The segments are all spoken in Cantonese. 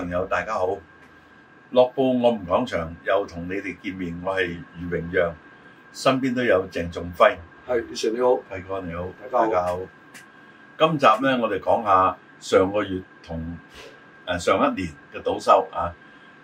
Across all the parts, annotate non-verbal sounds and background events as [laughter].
朋友大家好，樂報我哋講場，又同你哋見面，我係余榮陽，身邊都有鄭仲輝，係，饋權你好，係哥你好，大家好。今集咧，我哋講下上個月同誒上一年嘅賭收啊，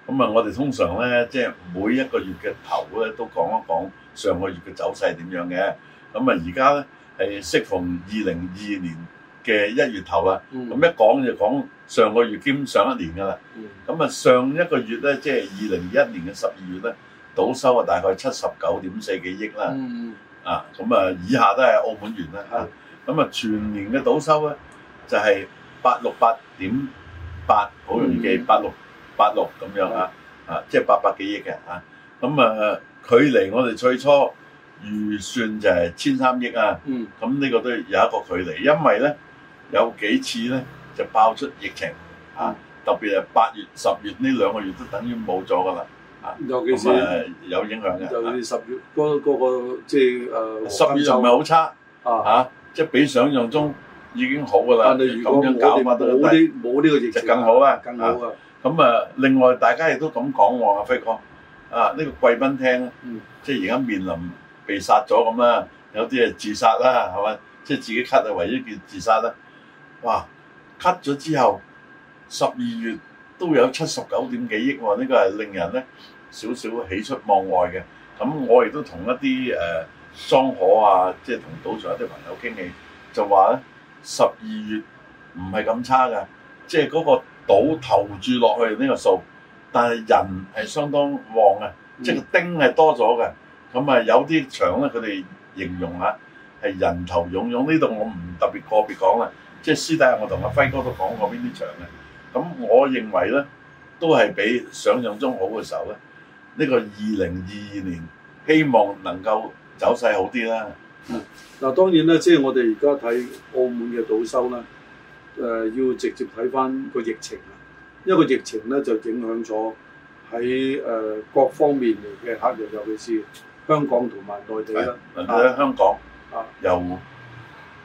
咁啊，我哋通常咧，即係每一個月嘅頭咧，都講一講上個月嘅走勢係點樣嘅，咁啊，而家咧係適逢二零二二年。嘅、嗯、一月頭啦，咁一講就講上個月兼上一年噶啦，咁啊、嗯、上一個月咧即係二零二一年嘅十二月咧，賭收啊大概七十九點四幾億啦，嗯、啊咁啊、嗯、以下都係澳門元啦，的啊咁啊全年嘅賭收咧就係八六八點八，好容易記八六八六咁樣嚇的、啊就是，啊即係八百幾億嘅嚇，咁啊距離我哋最初預算就係千三億啊，咁呢、嗯、個都有一個距離，因為咧，有幾次咧就爆出疫情啊！特別係八月、十月呢兩個月都等於冇咗噶啦啊！咁啊有影響嘅。就十月嗰個即係誒，十月仲唔係好差啊嚇！即係比想象中已經好噶啦。咁樣搞冇啲冇呢個疫情就更好啦。更好啊！咁啊，另外大家亦都咁講喎，阿輝哥啊，呢個貴賓廳即係而家面臨被殺咗咁啊。有啲係自殺啦，係咪？即係自己咳啊，唯一叫自殺啦。哇！cut 咗之後，十二月都有七十九點幾億喎，啊，呢、呢個係令人咧少少喜出望外嘅。咁我亦都同一啲誒雙賀啊，即係同賭場一啲朋友傾偈，就話咧十二月唔係咁差㗎，即係嗰個賭投注落去呢個數，但係人係相當旺嘅，嗯、即係丁係多咗嘅。咁啊有啲場咧，佢哋形容啊係人頭湧湧，呢度我唔特別個別講啦。即係私底下，我同阿輝哥都講過邊啲場嘅。咁我認為咧，都係比想象中好嘅時候咧。呢、這個二零二二年，希望能夠走勢好啲啦。嗱、嗯，當然啦，即、就、係、是、我哋而家睇澳門嘅賭收啦。誒、呃，要直接睇翻個疫情啊，因為疫情咧就影響咗喺誒各方面嚟嘅客人，尤其是香港同埋內地啦。嗱是，啊、你喺香港，啊啊、由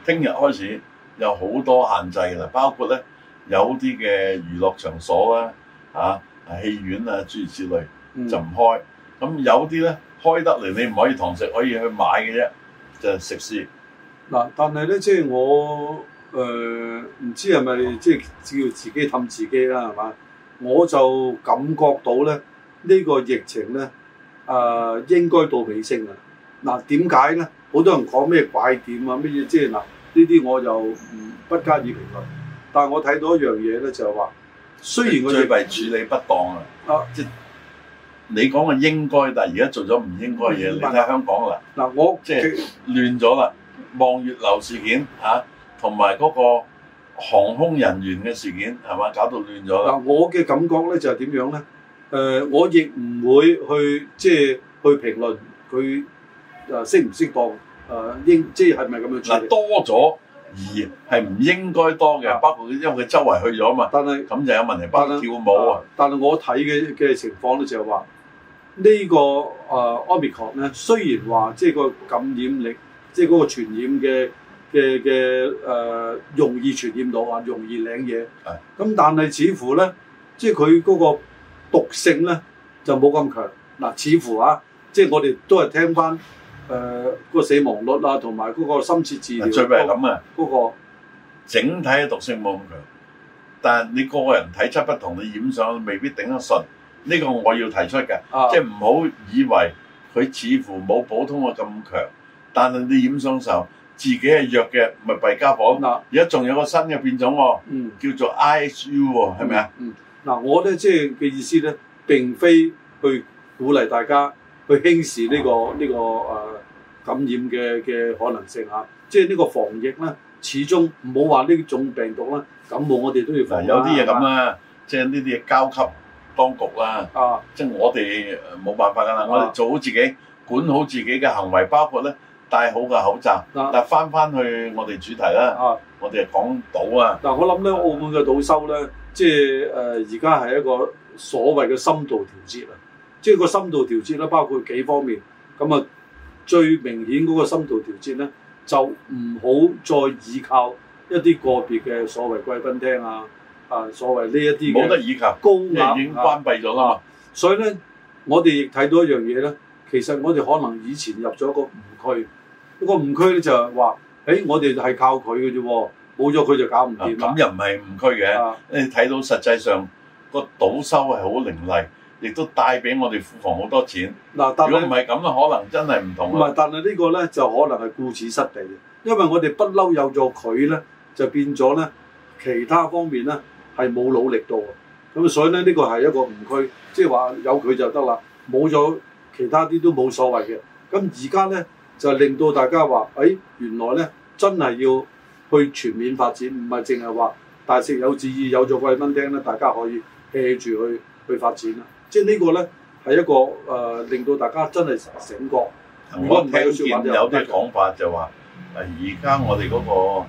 聽日開始。有好多限制啦，包括咧有啲嘅娛樂場所啦，嚇、啊、戲院啊諸如此類就唔開，咁、嗯、有啲咧開得嚟你唔可以堂食，可以去買嘅啫，就係、食肆。嗱、嗯，但係咧即係我誒唔、呃、知係咪即係要自己氹自己啦，係嘛？我就感覺到咧呢、呢個疫情咧誒、呃、應該到尾聲啦。嗱、嗯，點解咧？好多人講咩拐點啊，咩嘢即係嗱。就是呢啲我就唔不加以評論，但係我睇到一樣嘢咧，就係話，雖然佢哋最為處理不當啊，啊，即你講嘅應該，但係而家做咗唔應該嘅嘢，你睇香港啦，嗱，我即係亂咗啦，望月樓事件嚇，同埋嗰個航空人員嘅事件係嘛，搞到亂咗啦。嗱、啊，我嘅感覺咧就係、是、點樣咧？誒、呃，我亦唔會去即係去評論佢誒適唔適當。誒、啊、應即係咪咁樣？嗱，多咗而係唔應該多嘅，嗯、包括因為佢周圍去咗嘛。但係是咁就有問題。包括跳舞啊。有但係我睇嘅嘅情況咧，就係話呢個誒 Omicron 呢，雖然話即係個感染力，即係嗰個傳染嘅嘅嘅誒，容易傳染到啊，容易領嘢。係的。咁但係似乎咧，即係佢嗰個毒性咧就冇咁強。嗱、呃，似乎啊，即係我哋都係聽翻。誒，個、呃、死亡率啊，同埋嗰個深切治療，最弊係咁啊！嗰、那個整體嘅毒性冇咁強，但係你個人體質不同，你染上未必頂得順。呢、這個我要提出嘅，啊、即係唔好以為佢似乎冇普通嘅咁強，但係你染上嘅時候自己係弱嘅，咪弊家伙。嗱、啊，而家仲有個新嘅變種，嗯，叫做 I H U，係咪啊？嗯，嗱、嗯啊，我咧即係嘅意思咧，並非去鼓勵大家去輕視呢、這個呢個誒。啊啊啊啊感染嘅嘅可能性啊，即係呢個防疫咧，始終唔好話呢種病毒咧，感冒我哋都要防。有啲嘢咁啦，啊、即係呢啲嘢交給當局啦。啊，啊即係我哋冇辦法噶啦，啊、我哋做好自己，管好自己嘅行為，包括咧戴好個口罩。嗱、啊，翻翻去我哋主題啦。啊，我哋講賭啊。嗱，我諗咧，澳門嘅賭收咧，即係誒而家係一個所謂嘅深度調節啊。即係個深度調節咧，包括幾方面咁啊。最明顯嗰個深度調節咧，就唔好再倚靠一啲個別嘅所謂貴賓廳啊，啊所謂呢一啲冇、啊、得倚靠，高壓已經關閉咗啦。所以咧，我哋亦睇到一樣嘢咧，其實我哋可能以前入咗個誤區，個誤區咧就係話，誒、哎、我哋係靠佢嘅啫，冇咗佢就搞唔掂。咁又唔係誤區嘅，吧你睇到實際上，那個賭收係好凌厲。亦都帶俾我哋庫房好多錢。嗱但，如果唔係咁啦，可能真係唔同。唔係，但係呢個咧就可能係顧此失彼，因為我哋不嬲有咗佢咧，就變咗咧其他方面咧係冇努力到。咁所以咧呢個係一個誤區，即係話有佢就得啦，冇咗其他啲都冇所謂嘅。咁而家咧就令到大家話：誒、欸、原來咧真係要去全面發展，唔係淨係話大食有志意，有咗貴賓廳咧，大家可以 hea 住去去發展啦。即係呢個咧，係一個誒、呃，令到大家真係醒覺。如果聽我聽見有啲講法就話，誒而家我哋嗰個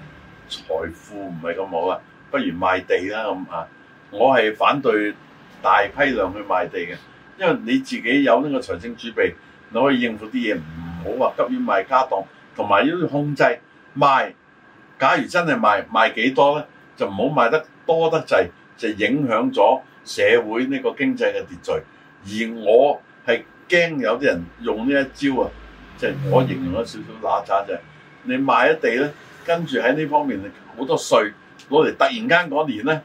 財富唔係咁好啊，不如賣地啦咁啊。我係反對大批量去賣地嘅，因為你自己有呢個財政儲備，你可以應付啲嘢，唔好話急於賣家當，同埋要控制賣。假如真係賣，賣幾多咧，就唔好賣得多得滯，就影響咗。社會呢個經濟嘅秩序，而我係驚有啲人用呢一招啊，即係我形容咗少少打詐就係你賣一地咧，跟住喺呢方面好多稅攞嚟，突然間嗰年咧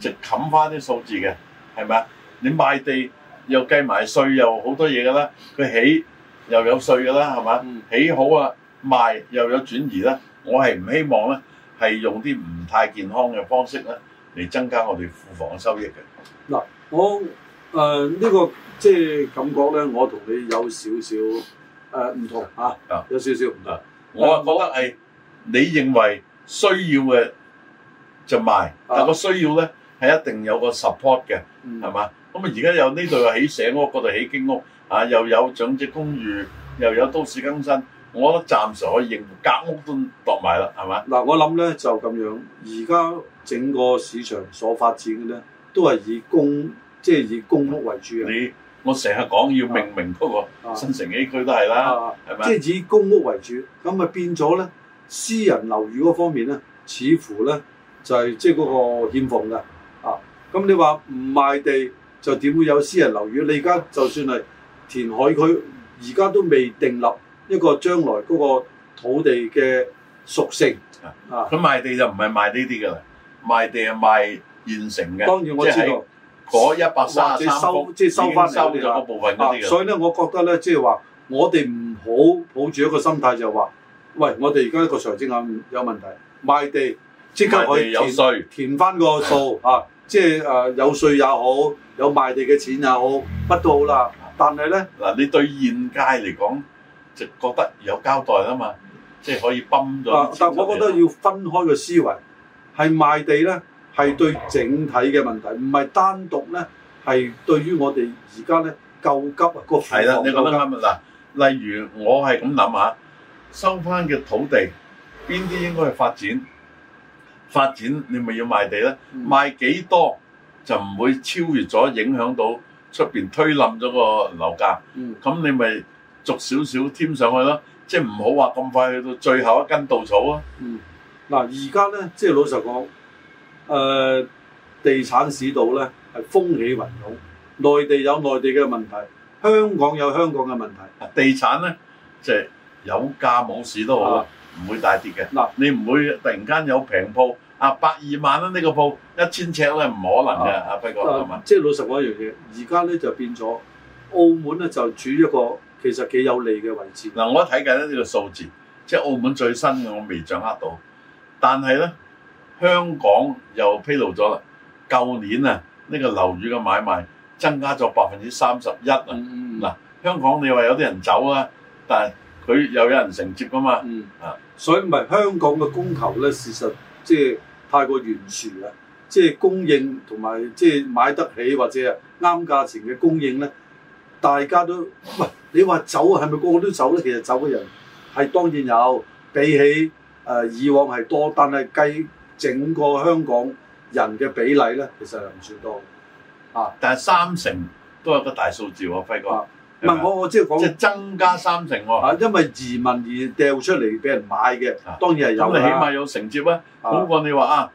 就冚翻啲數字嘅，係咪啊？你賣地又計埋稅又好多嘢㗎啦，佢起又有稅㗎啦，係嘛？嗯、起好啊，賣又有轉移啦，我係唔希望咧係用啲唔太健康嘅方式咧。嚟增加我哋庫房嘅收益嘅。嗱，我誒呢、呃這個即係感覺咧，我同你有少少誒唔、呃、同嚇、啊，有少少唔同。啊、我係覺得係我你認為需要嘅就賣，但係需要咧係、啊、一定有個 support 嘅，係嘛？咁啊、嗯，而家有呢度起社屋，嗰度起經屋，啊又有長者公寓，又有都市更新。我都暫時可以認隔屋搬墮埋啦，係咪？嗱，我諗咧就咁樣，而家整個市場所發展嘅咧，都係以公即係以公屋為主啊！你我成日講要命名嗰個新城 A 區都係啦，係咪？即係以公屋為主，咁咪變咗咧？私人樓宇嗰方面咧，似乎咧就係即係嗰個欠奉嘅啊！咁你話唔賣地就點會有私人樓宇？你而家就算係填海區，而家都未定立。一個將來嗰個土地嘅屬性，佢賣地就唔係賣呢啲噶啦，賣地係賣現成嘅。當然我知道嗰一百三三收，即、就、經、係、收咗部分嗰啲啦。啊、所以咧，我覺得咧，即係話我哋唔好抱住一個心態就話，喂，我哋而家一個財政有問題，賣地即刻可以填有稅填翻個數 [laughs] 啊！即係誒有稅也好，有賣地嘅錢也好，乜都好啦。但係咧，嗱，你對現界嚟講。就覺得有交代吖嘛，即係可以崩咗。但我覺得要分開個思維，係賣地咧係對整體嘅問題，唔係單獨咧係對於我哋而家咧救急個。係啦，你覺得，嗱，例如我係咁諗下，收翻嘅土地邊啲應該係發展，發展你咪要賣地咧，賣幾多就唔會超越咗影響到出邊推冧咗個樓價。嗯，咁你咪續少少添上去啦，即係唔好話咁快去到最後一根稻草啊！嗯，嗱，而家咧即係老實講，誒、呃、地產市道咧係風起雲湧，內地有內地嘅問題，香港有香港嘅問題。地產咧就係、有價冇市都好啦，唔、啊、會大跌嘅。嗱、啊，你唔會突然間有平鋪啊，百二萬啦呢個鋪，一千尺咧唔可能嘅啊！不、啊、哥、嗯、即係老實講一樣嘢，而家咧就變咗澳門咧就處一個。其實幾有利嘅位置嗱，我一睇緊呢個數字，即係澳門最新嘅我未掌握到，但係咧香港又披露咗啦，舊年啊呢個樓宇嘅買賣增加咗百分之三十一啊！嗱、嗯，香港你話有啲人走啊，但係佢又有人承接㗎嘛，啊、嗯，是所以唔係香港嘅供求咧，事實即係太過懸殊啦，即係供應同埋即係買得起或者啱價錢嘅供應咧，大家都 [laughs] 你話走係咪個個都走咧？其實走嘅人係當然有，比起誒、呃、以往係多，但係計整個香港人嘅比例咧，其實係唔算多。啊！但係三成都係個大數字喎、輝、啊、哥。唔係我我即係講即係增加三成喎、啊。啊，因為移民而掉出嚟俾人買嘅，當然係有。咁你、啊、起碼有承接啊？好、啊、過你話啊，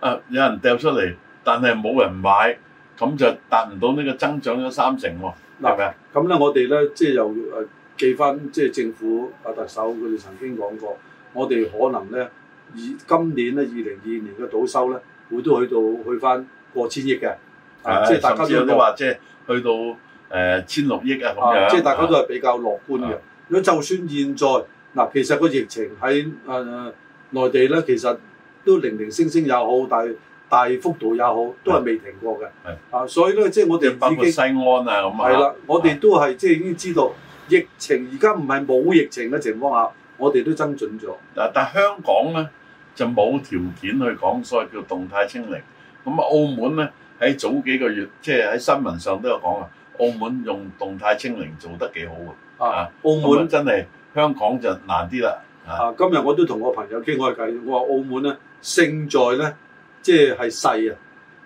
誒、啊、有人掉出嚟，但係冇人買，咁就達唔到呢個增長咗三成喎、啊。嗱，咁咧我哋咧即係又誒記翻，即係、啊、政府阿、啊、特首佢哋曾經講過，我哋可能咧以今年咧二零二二年嘅賭收咧，會都去到去翻過千億嘅。的即係大家都都話即係去到誒、呃、千六億啊，咁樣，啊、即係大家都係比較樂觀嘅。的如果就算現在嗱、啊，其實個疫情喺誒內地咧，其實都零零星星又好，但係。大幅度也好，都係未停過嘅。係是的 啊，所以咧，即係我哋反經西安啊咁的啊。係啦，我哋都係即係已經知道疫情而家唔係冇疫情嘅情況下，我哋都增進咗。嗱，但係香港咧就冇條件去講，所謂叫動態清零。咁澳門咧喺早幾個月，即係喺新聞上都有講啊，澳門用動態清零做得幾好啊。啊，澳門真係香港就難啲啦。啊，今日我都同我朋友傾開偈，我話澳門咧勝在咧。即係細啊！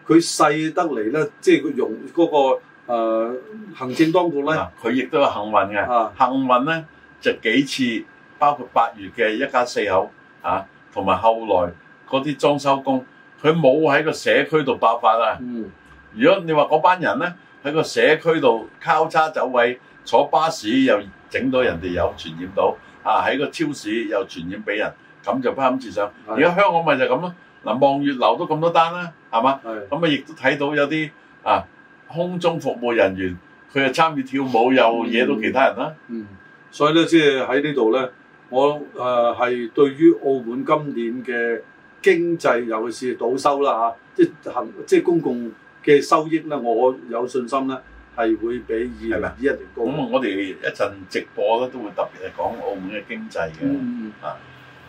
佢細得嚟咧，即係用嗰個誒、呃、行政當局咧，佢亦都有幸運嘅。啊、幸運咧就幾次，包括八月嘅一家四口啊，同埋後來嗰啲裝修工，佢冇喺個社區度爆發啊。嗯，如果你話嗰班人咧喺個社區度交叉走位，坐巴士又整到人哋有傳染到啊，喺、嗯、個超市又傳染俾人，咁就不堪設想。而家香港咪就咁咯。嗯嗯嗱望月樓都咁多單啦，係嘛？咁啊，亦都睇到有啲啊空中服務人員佢啊參與跳舞又惹到其他人啦。嗯，所以咧，即係喺呢度咧，我誒係對於澳門今年嘅經濟，尤其是賭收啦嚇，即係行，即係公共嘅收益咧，我有信心咧係會比二零二一年高。咁啊，我哋一陣直播咧都會特別係講澳門嘅經濟嘅啊。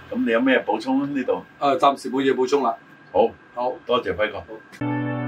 咁你有咩補充呢度啊？誒，呃，暫時冇嘢補充啦。好，好多謝輝哥。